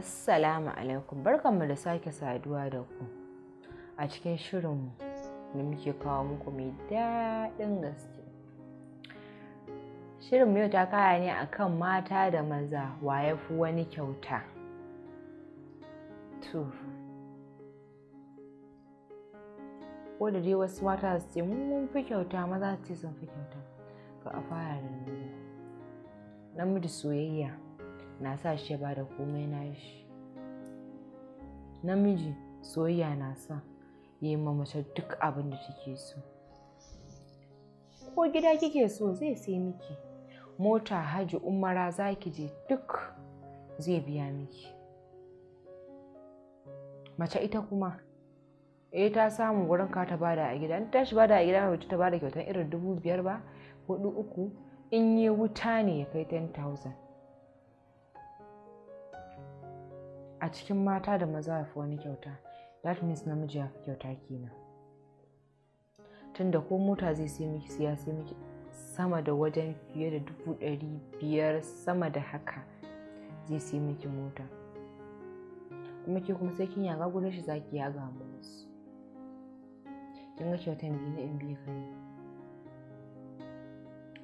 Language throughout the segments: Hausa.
Assalamu alaikum barkanmu da sake saduwa da ku a cikin shirinmu da muke kawo muku mai daɗin gaske. Shirin yau ta kaya ne akan mata da maza wa ya fi wani kyauta. ko da dai wasu mata su ce mun fi kyauta maza su ce sun fi kyauta. To a fara da namiji soyayya. na sa shi ba da komai na shi namiji soyayya na sa yi ma mace duk abin da take so ko gida kike so zai sai miki mota haji umara za ki je duk zai biya miki mace ita kuma eh ta samu wurin ka ta bada a gida ta shi bada a gida mai ta bada kyautar irin dubu biyar ba hudu uku in yi wuta ne ya kai 10,000 a cikin mata da maza ya fi wani kyauta that means namiji ya fi kyauta kenan tunda ko mota zai sai miki siya sai miki sama da wajen fiye da dubu ɗari biyar sama da haka zai sai miki mota kuma ke kuma sai kin yaga gudun shi zaki yaga mu musu kin ga kyauta bi na in biyu ka ne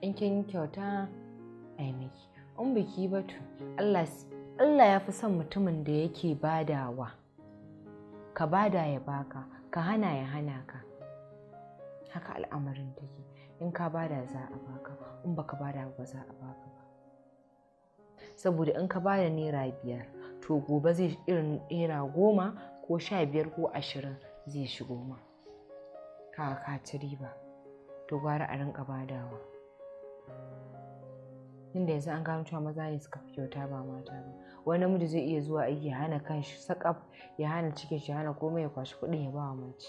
in kin kyauta ai miki in biki ba to Allah Allah ya fi son mutumin da yake badawa ka bada ya baka ka hana ya hana ka haka al'amarin take in ka bada za a baka in baka bada ba za a baka ba saboda in ka bada naira biyar to gobe zai irin naira goma ko sha biyar ko ashirin zai shigo ma ka ka ci riba to gwara a rinka badawa tunda yanzu an gano cewa maza ne suka fi kyauta ba mata ba wani namiji zai iya zuwa aiki ya hana kan shi sakaf ya hana cikin shi hana komai ya kwashi kuɗin ya ba wa mace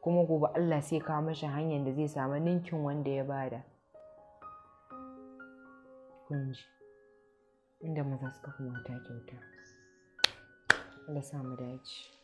kuma gobe Allah sai kawo mashi hanyar da zai samu ninkin wanda ya bada kunji inda maza suka fi mata kyauta Allah samu dace